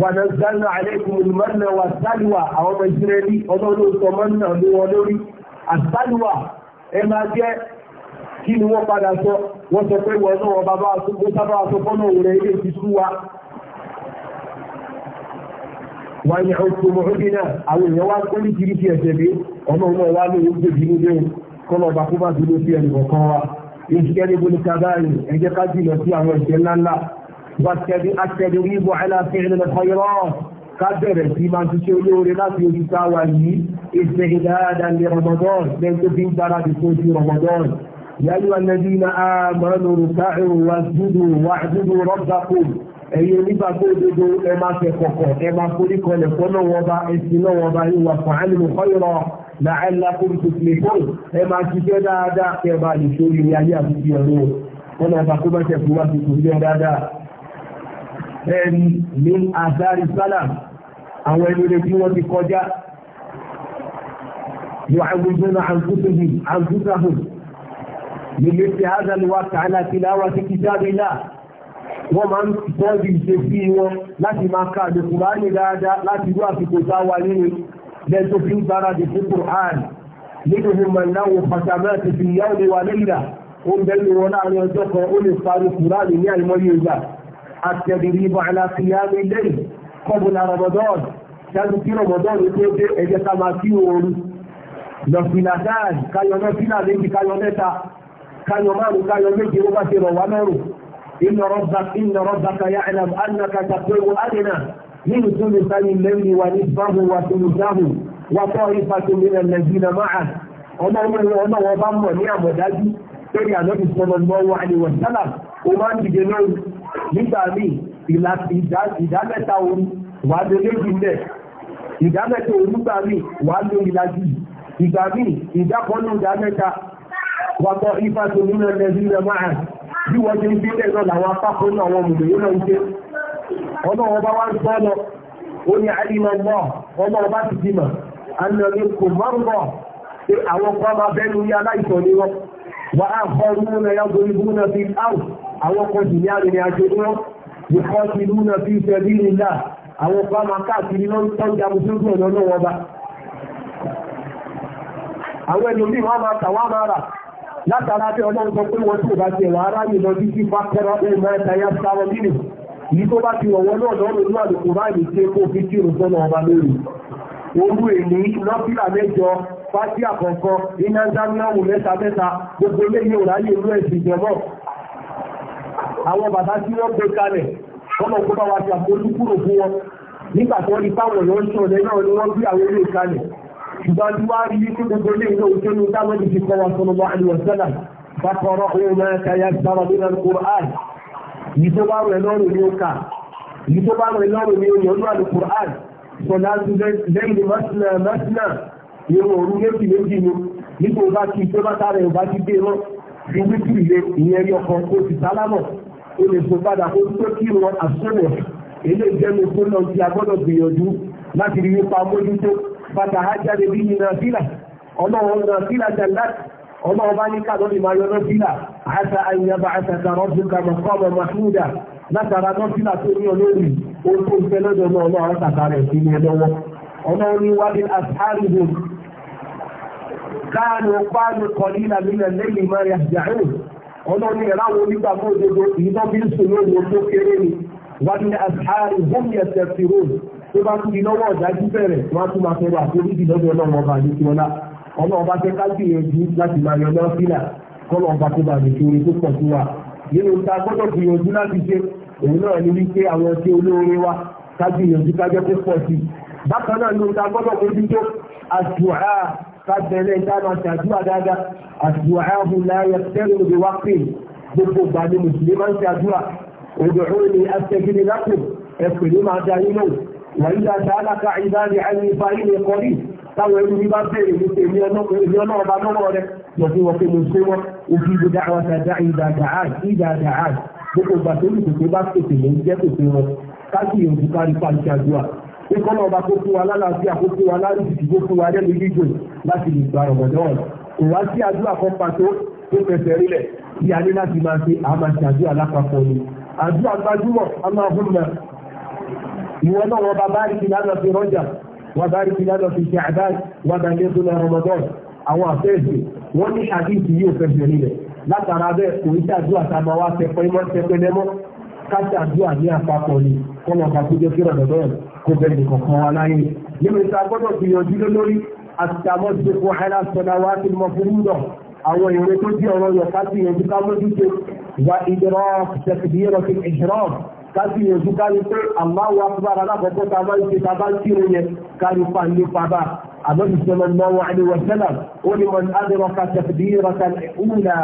wàdà zanna àlẹ́kùn olùmọ́nà wà sálùwà àwọn ọmọ ìsírẹ́lì ọlọ́lọ́sọ mọ́nà ló wọn lórí àsálùwà ẹ máa jẹ́ kí ni wọ́n padà sọ wọ́n sọ pé wọ́n náà bàbá àtúgbó sábà àtúgbó náà wà ní ọkùnrin ọdún náà àwọn èèyàn wá kó nítorí ti ẹ̀sẹ̀ dé ọmọ ọmọ wa ní oúnjẹ bínú dé kọ́nà ọba kó bá dúró sí ẹnì kọ̀ọ̀kan wa ìṣẹ́ ní bóni kábàárì ẹ jẹ́ ká jìnà sí àwọn ẹ̀ṣẹ̀ ńláńlá wà tẹ̀lé àtẹ̀lé oníbọ̀ aláfẹ́rẹ́ lọ́kọ́ yọrọ̀ ká bẹ̀rẹ̀ sí máa ṣiṣẹ́ olóore láti oṣù táwa yìí wà dúdú wà dúdú rọ́bà kùn ẹ̀yin onígbàgbọ́ òdodo ẹ máa fẹ́ kọ̀kọ̀ ẹ máa forí kọlẹ̀ fọ́nà wọn bá ẹsìn náà wọn bá yín wà fún àlùmọ̀ kọ́yọ̀rọ̀ la'allakum tuflihun ẹ máa ṣiṣẹ́ dáadáa kẹ́ ẹ bá lè sórí ilé ayé àbúkí ọ̀rọ̀ wọn náà bá kó bá ṣe fún wa ti kò ẹni ní azari salam àwọn ẹni rẹ tí wọ́n ti kọjá yóò àwùjọ náà àǹkútùhùn àǹkútùhùn lè lè ṣe wọ́n máa ń tọ́jú ìṣe sí wọn láti máa ka àdìkù láàyè dáadáa láti rú àsìkò táwa nínú lẹ́yìn tó fi ń gbára dìkú Qur'an nínú ìmọ̀ náwó pàtàkì fi ìyáwó ni wà lẹ́yìnà ó ń bẹ́ẹ̀ wọn láàrin ọjọ́ kan ó lè parí Qur'an ní àìmọye ìgbà àtẹ̀dìrí ibọ̀ àlàfíàmì lẹ́yìn kọ́bùnà Ramadan dájú kí Ramadan tó dé ẹ̀jẹ̀ ká máa kí ooru lọ́fìlà dáàdì káyọ̀ mẹ́fìlà méjì káyọ̀ mẹ́ta káyọ̀ márùn-ún káyọ̀ méje ó bá ṣe rọ̀ wá mẹ́rùn-ún إن ربك إن ربك يعلم أنك تقوم أدنى من ثلثي الليل ونصفه وثلثه وطائفة من الذين معه ọmọ ọmọ ọmọ wọn bá mọ̀ ní àmọ̀dájú lórí àlọ́bí sọmọlọ́ wà ní wọ̀sálà ó máa ń ìgbà míì ìdákọ́nù ìdámẹ́ta wàtọ̀ ifásomínà lẹ́bí rẹ̀ máa ndị wọ́n ti ń gbé lẹ́ẹ̀ náà làwọn apákó náà wọn mùmí yóò náà ń gbé ọlọ́wọ́ bá wá ń sọ lọ ó ní àdìmọ̀ mọ́ ọlọ́wọ́ bá ti dìmọ̀ àná ní kò mọ́ ń bọ̀ pé àwọn kan máa bẹ́ẹ̀ lórí aláìsàn ni wọ́n wà á kọ́ ọdún náà yá gorí náà fi áwù àwọn kan sì ní arìnrìn àjò ni wọ́n ìkọ́ ti náà fi fẹ́ bí àwọn máa látara bí ọlọ́run sọ pé wọ́n tí ò bá ti ẹ̀wà ara yìí lọ bí sí fákẹ́rọ ẹ̀mọ ẹ̀ta ya sáwọn nínú yìí tó bá ti ọ̀wọ́ náà lọ́rùn ní àlùkò báyìí tí kò fi kí òun sọ́nà ọba lórí olú èlé lọ́fíà mẹ́jọ fásí àkọ́kọ́ iná dánáwò mẹ́ta mẹ́ta gbogbo léyìn ò ráyè ìlú ẹ̀sìn ìjọmọ́ àwọn bàbá tí wọ́n gbé kalẹ̀ ọmọ òkú bá wa ti àfojú kúrò fún wọn nígbà tí wọ́n di fáwọn èèyàn ń sọ̀rọ̀ náà ni wọ́n gbé àwọn ilé kalẹ̀ ṣùgbọ́n tí wàá rí ikú gbogbo ilé ìlú òṣèlú táwọn ti fi kọ́ wa sallallahu alaihi wasallam bákọ̀rọ̀ òun máa tayà sára nínú alukur'an yìí tó bá rẹ̀ lọ́rùn ní òkà yìí tó bá rẹ̀ lọ́rùn ní òyìnbó alukur'an sọ̀lá lẹ́yìn mọ́sílẹ̀ mọ́sílẹ̀ ìrò òru méjì méjì ni nígbà òbá ti tó bá tààrẹ òbá ti dé wọn fi wípé ilé ìyẹn yọ kan kó ti sálámọ̀ ó lè so padà kó tó kí wọn àsọ̀wọ̀ eléyìí jẹ́nu tó lọ sí agbọ́dọ̀ gbìyànjú láti rí nípa mójútó bàtà ha lè bí ní nàfílà ọlọ́run nàfílà jàndà ọlọ́run bá ní kàdọ́ lè máa yọ nàfílà àṣà àyìnbá àṣà kàrọ́ ju látara nàfílà tó ní olórí oṣù ìfẹ́ ọlọ́run rẹ̀ sí ní tó bá ti di lọ́wọ́ ọ̀dájú bẹ̀rẹ̀ wọ́n á tún máa fẹ́ràn àti oríṣi lọ́dọ̀ ọlọ́run ọba àdékù ọlá ọmọ ọba tẹ ká gbìyànjú láti máa yan lọ sílà kọ́lọ̀ ọba tó bá àdékù orin tó pọ̀ sí wa nínú ta gbọ́dọ̀ gbìyànjú láti ṣe òun náà ní wípé àwọn ọtí olóore wa ká gbìyànjú ká jẹ́ kó pọ̀ sí bákan náà nínú ta gbọ́dọ̀ mójútó àdúà ká bẹ̀rẹ̀ ká máa ṣàdúrà dáadáa àdúà hùn láyé tẹ́lẹ̀ òde wá pè gbogbo ìgbà ni mùsùlùmí máa ń ṣàdúrà òdòdó ni àtẹ̀gìrì lápò ẹ̀pẹ̀ ló máa darí náà وإذا سألك عبادي عني فإني قريب táwọn ẹrú ní bá bẹ̀rẹ̀ ní èmi ọlọ́run bá lọ́wọ́ rẹ̀ lọ́sí wọn pé mo ṣe wọ́n ojú ibi dáhùn àtàdá ìdá dàáì ìdá dàáì gbogbo ìgbà tó lùkùkù bá pèsè ló ń jẹ́ pèsè wọn káàkiri òkú kárí pàṣẹ àdúrà pé kọ́nà ọba kó fún wa lálàáfíà kó fún wa lárìsì kó fún wa lẹ́nu gígùn láti lè gba ọ̀gọ̀dọ̀ kò wá sí àdúrà kan pàtó tó fẹsẹ̀ rílẹ̀ tí a ní láti máa ṣe àmàṣe lápapọ̀ ni àdúrà gbajúmọ̀ amáhùnmá ìwọ náà wọ́n bá báríkì lánàá fi rọ́jà wọ́n báríkì lánàá fi ṣe àdáyé wọ́n bá ilé tó lọ Ramadan àwọn àfẹ́ẹ̀sì wọ́n ní hadith yóò fẹsẹ̀ nílẹ̀ látara bẹ́ẹ̀ kò ní sàdúrà tá a máa wá tẹpẹ́ mọ́ tẹpẹ́ lẹ́mọ́ ká sàdúrà ní àpapọ̀ ni kọ́ lọ́ọ́ kàkú jẹ́ kí Ramadan kó bẹ́ẹ̀ ní kọ̀ọ̀kan wa láyé nínú ìta gbọ́dọ̀ gbìyànjú lórí àtàmọ́sọ̀kọ̀ aláṣọ̀dáwátì kábíyànjú kárí pé Allahu Akbar alákọ̀ọ́kọ́ ta bá ń ṣe ta bá ń kírun yẹn kárí pa ní pàbá àbẹ́bí sallallahu alaihi wa sallam ó ní man adraka takbiratal ula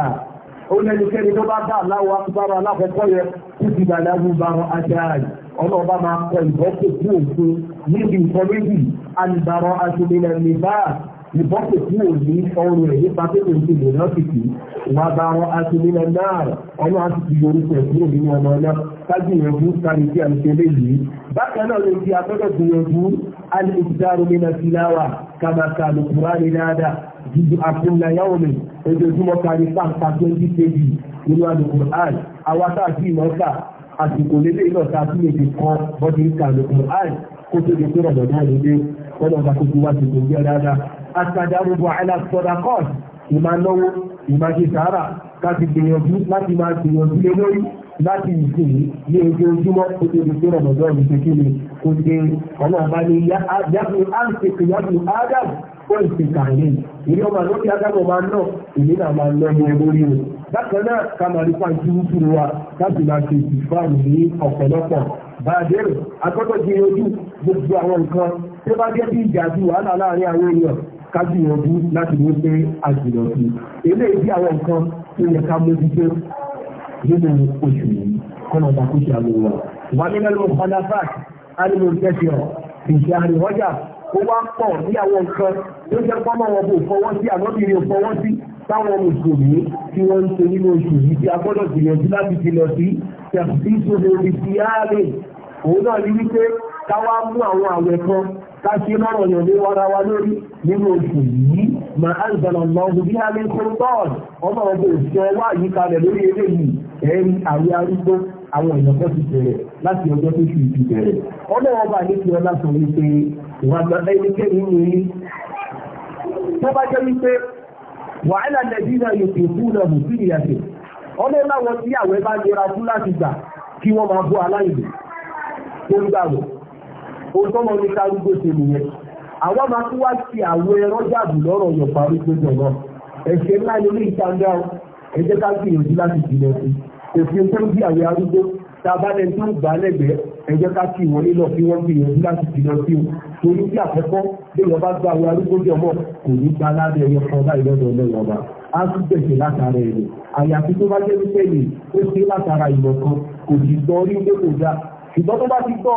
ó lẹ́nu kẹ́ni tó bá bá Allahu Akbar alákọ̀ọ́kọ́ yẹn kú ti dàdá bú bá wọn ajáàyè ọlọ́ọ̀bá máa kọ ìbọ́kù kú òfin níbi ìkọ́ méjì alìbàrọ̀ àti ìbọ́pẹ̀ tí ò ní ọrùn ẹ̀ nípa pé kò ń ṣe lè lọ́sìkì wà bá wọn aṣọ nílẹ̀ náà ọlọ́run á sì fi orúkọ ẹ̀ kúrò nínú ọmọ náà ṣáájú ìyẹ̀bú sáré tí a ń ṣe léyìí. bákan náà ló ti afẹ́fẹ́ gbìyànjú alìkùdárò nínú síláwà kàmàkà lùkùrá ní dáadáa jíjú àkúnlayáwó mi ojoojúmọ́ kárí pàǹpà twenty kg nínú alùkùrán awátá àti ìmọ̀ọ́kà àsìkò lélẹ́yìn náà sí wọn náà gbàgbọ́ wa ti kò jẹ́ dáadáa àtàdárúbọ aláṣọdakọ́ọ̀t ìmá náwó ìmá ṣe sàárà láti gbìyànjú láti máa gbìyànjú lé lórí láti ìsìn ní ojoojúmọ́ tó ti di pé rọ̀mọ̀dọ́ mi ṣe kí ni kò ṣe ọmọ ọba ní yàgùn áńṣekè yàgùn ádámù fún ìṣèkà yìí ìní ọmọ lórí adámọ̀ máa ná ìní náà máa ná ní orí o bákan náà ká máa rí fáńtì wúkúrú wa láti máa ṣe ìfáàmù ní ọ̀pọ̀lọpọ̀ bá a dérò agbọ́dọ̀ gbìyànjú gbogbo àwọn nǹkan tó bá jẹ́ bí ìjà àti wàhálà láàrin àwọn èèyàn kájìyànjú láti mú pé àjìyàn sí ilé ìdí àwọn nǹkan tó yẹ ká mójútó nínú oṣù yìí kọ́nà ọ̀dà kó ṣe àmì wọn. wà nínú ló padà fà ánìmọ̀ ìjẹ́sìọ̀ ìṣe àrùn ọjà ó wá pọ̀ ní àwọn nǹkan tó jẹ́ pọ́nmọ́ wọn kò fọwọ́ sí àmọ́bìnrin ò fọwọ́ sí táwọn mùsùlùmí tí wọ́n ń ṣe nínú oṣù yìí tí a gbọ́dọ̀ gbìyànjú láti fi lọ sí tẹ̀sí sódò ibi tí á rè òun náà ní wípé káwá mú àwọn àwẹ̀ kan káṣí lọ́rọ̀ yóò lé wọ́ra wa lórí nínú oṣù yìí ma á ń bẹ̀rẹ̀ lọ́wọ́ bí alẹ́ kóró bọ́ọ̀lù ọmọ ọgbẹ́ òṣìṣẹ́ wá yìí kalẹ̀ lórí eré yìí ẹ̀rí àwọn arúgbó àwọn ìyànjọ́ ti bẹ̀rẹ̀ láti ọjọ́ tó ṣù ti bẹ̀rẹ̀ ọmọ ọba ní ti ọlá sọ wípé wà á ẹnikẹ́ni ní ilé tó bá jẹ́ wípé wàhálà nàìjíríà yóò fi fún ọmọ sí ìyàtọ̀ ọmọ láwọn tí àwẹ̀ bá nira fún láti gbà kí wọ́n máa bọ́ aláìlú tó ń gbà wọ̀ òtọ́mọ ní kárúgbó ṣe nìyẹn àwọn máa tún wá sí àwọn ẹran jàbù lọ́rọ̀ yọ̀ parúgbó jọ̀ náà ẹ̀ṣẹ̀ ńlá ni ní ìtàndá ẹ jẹ́ ká gbìyànjú láti jìnà sí òfin tó ń bí àwọn arúgbó tá a bá lẹ tó ń gbà lẹ́gbẹ̀ẹ́ ẹ jẹ́ ká kí ìwọlé lọ kí wọ́n gbìyànjú láti jìnà sí o torí bí àkọ́kọ́ bí wọ́n bá gba àwọn arúgbó jọ mọ́ kò ní gba aládé ẹyọ kan báyìí lọ́dọ̀ ọlọ́run ọba á tún gbèsè látara ẹ̀rọ àyàfi tó bá jẹ́ wípé lè ó ṣe látara ìmọ̀ kan kò sì gbọ́ orí pé kò dáa ṣùgbọ́n tó bá ti gbọ́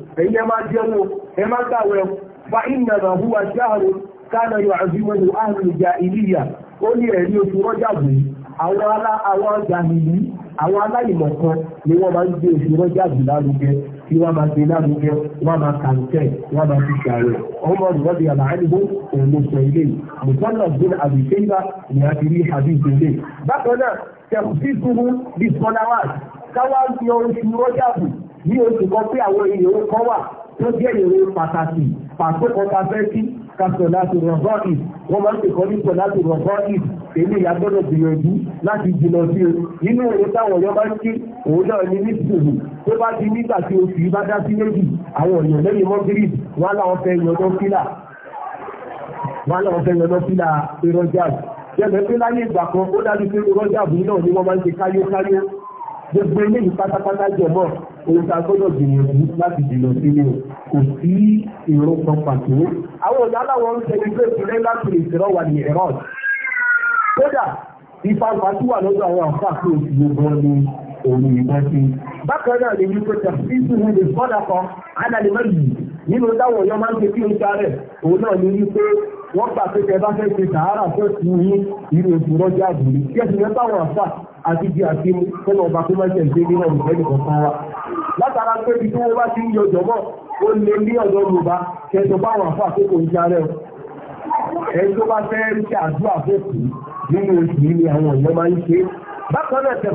ẹ̀yìn ẹ máa jẹun ẹ máa gbàwẹ̀ fa iná náà hùwà ṣáàrù kánà yọ àzúmọ̀lù àrùnjà ìlíyà ó ní ẹ̀rí oṣù rọ́jàbù àwọn alá àwọn gàmìlì àwọn aláìmọ̀kan ni wọ́n máa ń gbé oṣù rọ́jàbù lárugẹ tí wọ́n máa gbé lárugẹ wọ́n máa kàǹtẹ̀ wọ́n máa fi ṣàrẹ̀ ọmọ ìwọ́de àlàáníbó òun ló sọ ilé mùsọ́nà bin àbíkéyà ni a ti rí hadith ilé bákan náà tẹ̀kùsí tuhu ní oṣù kan pé àwọn ìyẹ̀wò kan wà tó jẹ́ ìyẹ̀wò pàtàkì pàtó kan ta fẹ́ sí kásọ̀ láti rọ̀gọ́ ì wọ́n máa ń tẹ̀kọ́ nípò láti rọ̀gọ́ ì èmi ìyá gbọ́dọ̀ gbìyànjú láti jìnà sí o nínú òwe táwọn ọ̀yọ́ bá ń kí òun náà ní nísìnyí tó bá di nígbà tí oṣù yìí bá dá sí méjì àwọn èèyàn lẹ́yìn mọ́gírì wọn làwọn fẹ́ yọdọ́ fílà wọn làwọn fẹ́ yọdọ́ fílà pé rọ́jà jẹ́mẹ̀ẹ́ pé láyé ìgbà kan ó dájú pé rọ́jà bùn náà ni wọ́n máa ń ṣe káyókáyó gbogbo eléyìí pátápátá jẹ̀mọ́ ohun tá a gbọ́dọ̀ gbìyànjú láti jìnnà sí ni o kò sí ìró kan pàtó. àwọn ọ̀dọ́ aláwọ̀ ń tẹ̀lé pé ìpínlẹ̀ láti lè ṣèrọ̀ wà ní ẹ̀rọ. kódà ìfàǹfà tí wà lọ́dọ̀ àwọn àǹfà tó ti gbogbo ní òun ìbọn sí. bákan náà ni wípé tẹ̀síṣù ní ìfọ́dà kan ánàlẹ́mẹ́lì nínú táwọn èèyàn máa ń ṣe kí ó járẹ̀ òun náà ní wípé wọ́n gbà pé fẹ́ ṣe sàárà wọn àfà àti di ọba tó máa nínú ọ̀rùn kọ̀ọ̀kan wa. látara pé ibi tí wọ́n bá ti ń ó ní ọ̀dọ́ yorùbá kẹjọ báwọn àfà tó kò ń o. ẹni tó bá fẹ́ ṣe àdúrà fẹ́ nínú oṣù yìí ni àwọn máa ń ṣe. bákan náà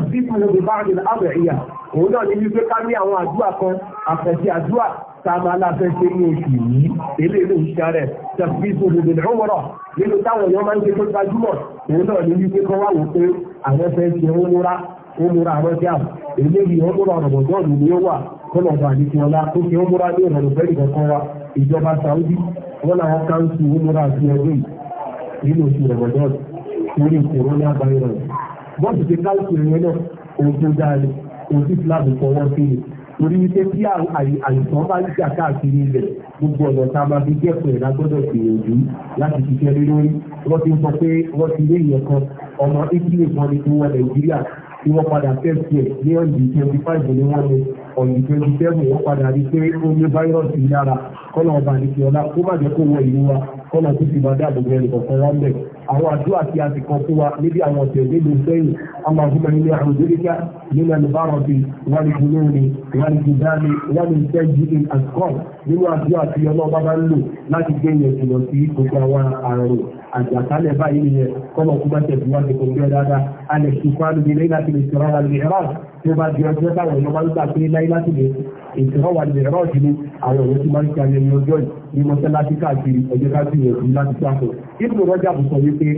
ní bá tàbí aláfẹ́ṣe ní oṣù yìí ilé ilé òṣìṣẹ́ rẹ̀ tẹ̀sí ìṣòdòdò ìrànwọ́rọ̀ nínú táwọn èèyàn máa ń ṣe tó gbajúmọ̀ òun náà ní wípé kan wá wò pé àwọn fẹ́ ṣe ó múra ó múra àwọn jẹ́ àwọn eléyìí ó múra ọ̀rọ̀ bọ̀dọ́ọ̀lù ni ó wà kọ́nà ọ̀gbà àdìsí ọlá tó ṣe ó múra ní ìrọ̀rùn fẹ́ nìkan kan wa ìjọba Saudi wọn làwọn káńsù ó múra àti ọdún nínú oṣù rọ̀bọ̀dọ́ọ̀lù torí kòrónà báyìí rọ̀ torí wípé tí àìsàn bá ń jà káàkiri ilẹ̀ gbogbo ọ̀nà tá a máa fi jẹ́pọ̀ ẹ̀ lágbọ́dọ̀ gbìyànjú láti ṣiṣẹ́ lé lórí wọ́n ti ń sọ pé wọ́n ti lé ìyẹn kan ọmọ italy kan ní tiwọn nàìjíríà tí wọ́n padà tẹ̀sí ẹ̀ ní ọ̀yìn twenty five ní wọ́n ní ọ̀yìn twenty seven wọ́n padà rí pé ó ní fáírọ̀sì lára kọ́nà ọba àlejò ọlá kó má jẹ́ kó wọ ìlú wa kọ́nà tó fi máa dáàbò bẹ̀rẹ̀ nìkọ̀kan wá ń bẹ̀. àwọn àdúrà tí a ti kọ fún wa níbi àwọn ọ̀sẹ̀ nílò sẹ́yìn ọmọ àfúnmọ́ ilé àrùndínlẹ́gà nínú àlùbárọ̀bì wà ní kùnúùnì wà ní kùdáni wà ní sẹ́yìn àkọ́ nínú àdúrà tí ọlọ́ọ̀bá bá ń lò láti gbé yẹn jùlọ sí gbogbo àwọn àrùn àjàkálẹ̀ báyìí yẹn kọ́nà kó má tẹ̀sí wá nìkan bí ọ̀dáadáa alẹ́ sùkúrú àlùbí lẹ́yìn láti lè sọ̀rọ̀ àlùbí ẹ̀rọ tó bá di ọjọ́ táwọn ọmọ máa ń gbà pé láyé láti lè ìṣẹ̀rọ wà nílẹ̀ ẹ̀rọ ìdílé àwọn ọ̀rọ̀ tí máa ń ṣe ayẹyẹ ọjọ́ ní mọ́ṣáláṣí káàkiri ọjọ́ káàkiri ẹ̀sùn láti sáfọ̀. ibùdó rọ́jà bù sọ wípé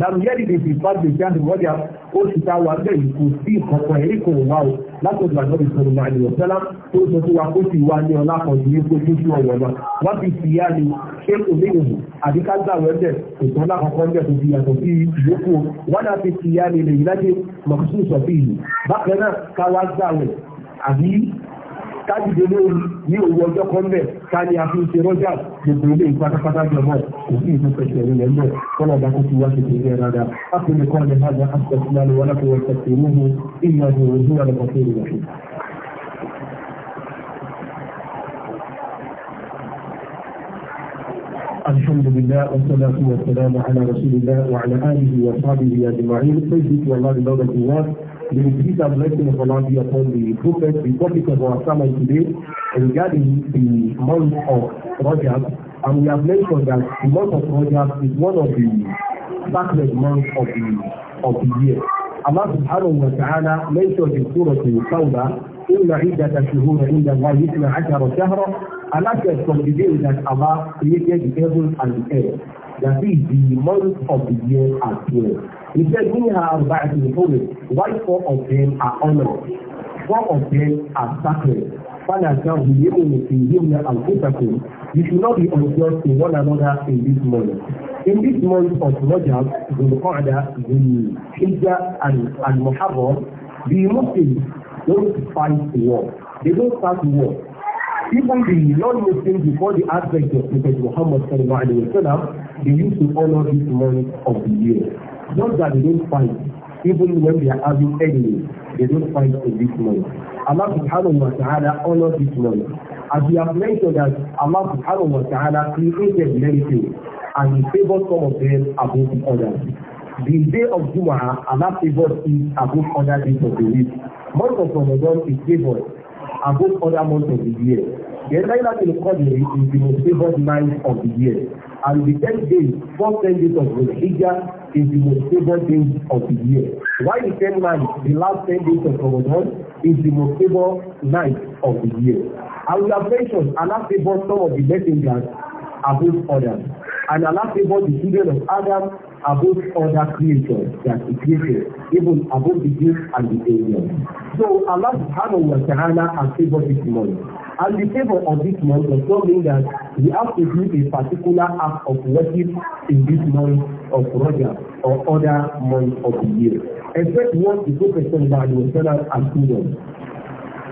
làmúyẹ́rì lè fi bá gbèsè àti rọ́jà ó ti ta wà bẹ́ẹ̀ kò sí ìkọ̀kọ̀ ẹ̀rí kò wá o látọ̀dù àjọbí sọ̀rọ̀ máa ní ọ̀sẹ́lá tó sọ fún wa kó sì wá ní ọlá kan ní kó tó sí ọ̀wọ̀ náà wọ́n fi fi yá ni ṣé kò ní ìhù àbí ká gbà wọ́n bẹ̀ kò tán lákọ̀ọ́kọ́ ń bẹ̀ tó fi yàtọ̀ sí ìyókù wọ́n náà fi fi yá ni lè yí mọ̀kúsù sọ fún ìlú bákan náà ká wá gbà wẹ̀ àbí káàdìdé lóru ní òwú ọjọ́ kan bẹ̀ ká ní àfi ṣe rọ́jà gbogbo ilé ìpátápátá jọmọ́ kò sí ìlú pẹ̀sẹ̀ rẹ̀ lẹ́mọ̀ kọ́nà bá kó ti wá ṣe tèmi rárá ápèlè kan lè má dáa ápèlè kan lè láti wọ́n ṣẹ̀ṣẹ̀ lóhun ìyá ni òun ní àlọ́ kan fèrè rẹ̀. الحمد لله والصلاة والسلام على رسول الله وعلى آله وصحبه أجمعين. Praise be الله Allah, the disease and blessing of Allah be upon the prophet, the topic of our sermon today regarding the month of Rajab. And we have mentioned that the month of Rajab is one of the sacred months of the, of the year. Allah subhanahu wa ta'ala mentioned in Surah Al-Tawbah, إِنَّ عِدَّةَ الشُّهُورَ عِنْدَ اللَّهِ إِثْنَ عَشَرَ شَهْرًا Allah said from the day that Allah created the heaven and the earth, that is the month of the year as well. He said, We have back the holy. why four of them are honored, four of them are sacred. Father, God, we able to see him and Kusaku. You should not be unjust to one another in this month. In this month of Rajab, Dhul Qa'dah, the Hijjah, and, and Muharram, the Muslims don't fight war. They don't start war. Even the non-Muslims before the advent of Prophet Muhammad sallallahu alaihi wasallam, they used to honor this month of the year. Not that they don't fight, even when they are having enemies, they don't fight for this money. Allah subhanahu wa ta'ala honors this money. As we have mentioned that Allah subhanahu wa ta'ala created many things and he favored some of them above the others. The day of Jumu'ah, Allah favored it above other days of the week. Month of Ramadan is favored above other months of the year. Then Laylatul Qadr is the most favored night of the year. And the tenth day, first ten days of Dhul Hijjah is the most favored day of the year. Why the tenth night, the last ten days of Ramadan is the most favored night of the year. And we have mentioned Allah favored some of the messengers above others. And Allah favored the children of Adam above other creatures that he created, even above the Jews and the aliens. So Allah subhanahu wa ta'ala has favored this month. And the favor of this month does not mean that we have to do a particular act of worship in this month of Rajab or other month of the year, except one the Prophet sallallahu alaihi wasallam has told us.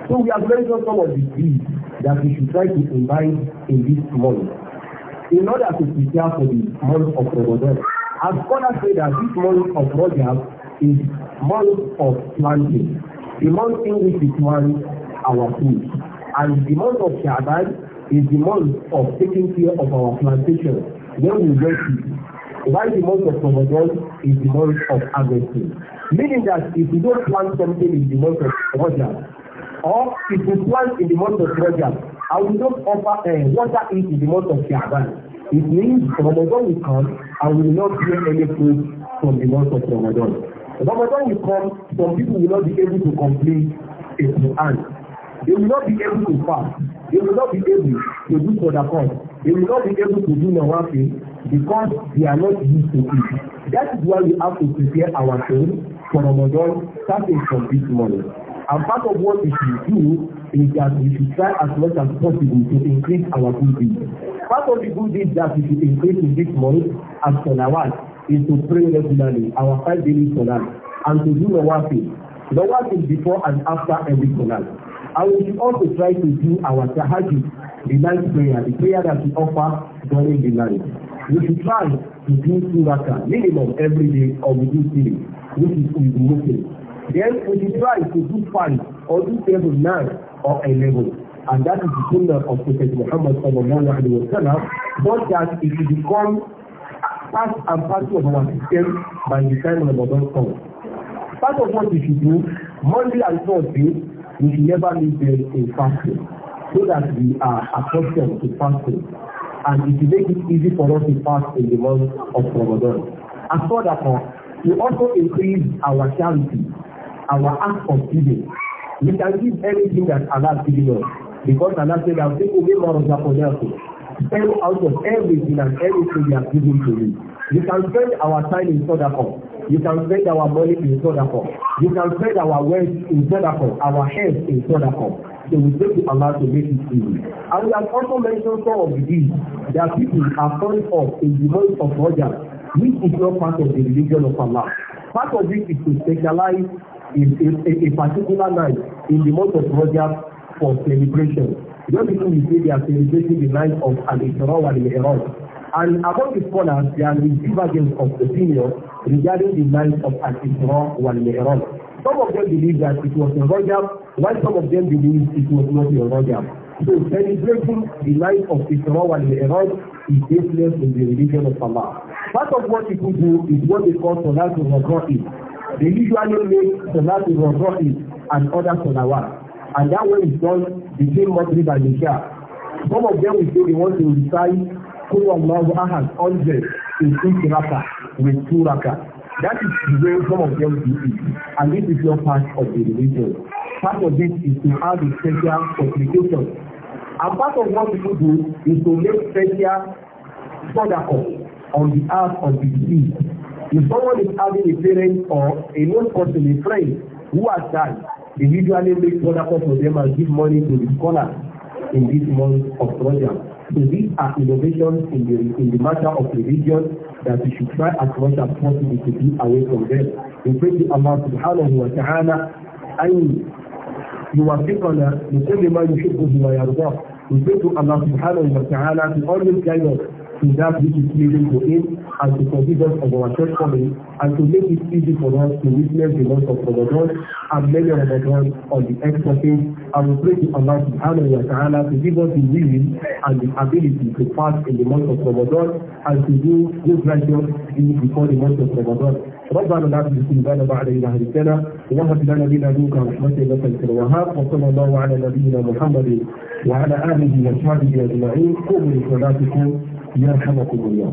So we have mentioned some of the things that we should try to combine in this month in order to prepare for the month of Ramadan. As scholars say that this month of Rajab is month of planting, the month in which we plant our food. And the month of Shaban is the month of taking care of our plantation when we get it. While the month of Ramadan is the month of harvesting. Meaning that if we don't plant something in the month of Rajab, or if we plant in the month of Rajab, and we don't offer uh, water into the month of Shaban, it means Ramadan will come and we will not hear any food from the month of Ramadan. Ramadan will come, some people will not be able to complete a Quran. They will not be able to fast. They will not be able to do sadaqah. They will not be able to do nawafil because they are not used to it. That is why we have to prepare ourselves for Ramadan starting from this morning. And part of what we should do is that we should try as much as possible to increase our good deeds. Part of the good deeds that we should increase in this month as salawat is to pray regularly, our five daily salat, and to do nawafi. Nawafi before and after every salat. I will also try to do our tahajjud, the night prayer, the prayer that we offer during the night. We should try to do two rakah minimum every day of the new series, which is with Muslim. Then we should try to do five or do seven, nine or eleven. And that is the sunnah of Prophet Muhammad sallallahu alaihi wasallam, but that it will become part and parcel of our system by the time Ramadan comes. Part of what we should do, Monday and Thursday, we should never leave them in fasting so that we are accustomed to fasting and it will make it easy for us to fast in the month of Ramadan. As for that, we also increase our charity, our act of giving. We can give anything that Allah has given us because Allah said, I'll take away more of that for Spend out of everything and everything you have given to me. We can spend our time in Sadaqah. You can spend our money in Sodako. You can spend our wealth in Sodako, our health in Sodako. So we pray to Allah to make it easy. And we have also mentioned some of the deeds that people are falling off in the month of Rajab, which is not part of the religion of Allah. Part of it is to specialize in a, a particular night in the month of Rajab for celebration. Those people will say they are celebrating the night of Al-Isra wal-Mi'raj. And among the scholars, there are divergence of opinion regarding the life of Al-Isra wal Mi'raj. Some of them believe that it was a Rajab, while some of them believe it was not a Rajab. So celebrating the life of Isra wal Mi'raj is baseless in the religion of Allah. Part of what people do is what they call Salatul Radra'i. They usually make Salatul Radra'i and other salawat. And that way is done between Maghrib and Isha. Some of them will say they want to recite Kul Allahu Ahad, 100 in each rakah with two rakah. That is the way some of them do it. And this is not part of the religion. Part of this is to have a special supplication. And part of what people do is to make special sodaka on the earth of the deceased. If someone is having a parent or a known person, a friend who has died, they usually make sodaka for them and give money to the scholars in this month of Rajab. So these are innovations in the, in the matter of religion that we should try as much as possible to be away from them. We pray to Allah subhanahu wa ta'ala and you should ما يحبه ويرضاه. We pray to Allah subhanahu wa ta'ala to always guide us to that which is pleasing to Him and to forgive us of our shortcomings and to make it easy for us to witness the loss of God, and many Ramadan on the expertise. and will pray to Allah subhanahu wa ta'ala to give us the will and the ability to fast in the month of Ramadan and to do good righteous deeds before the month of Ramadan. ربنا لا تزغ قلوبنا بعد إذ هديتنا وهب لنا من لدنك رحمة إنك أنت الوهاب وصلى الله على نبينا محمد وعلى آله وصحبه أجمعين قوموا لصلاتكم يرحمكم الله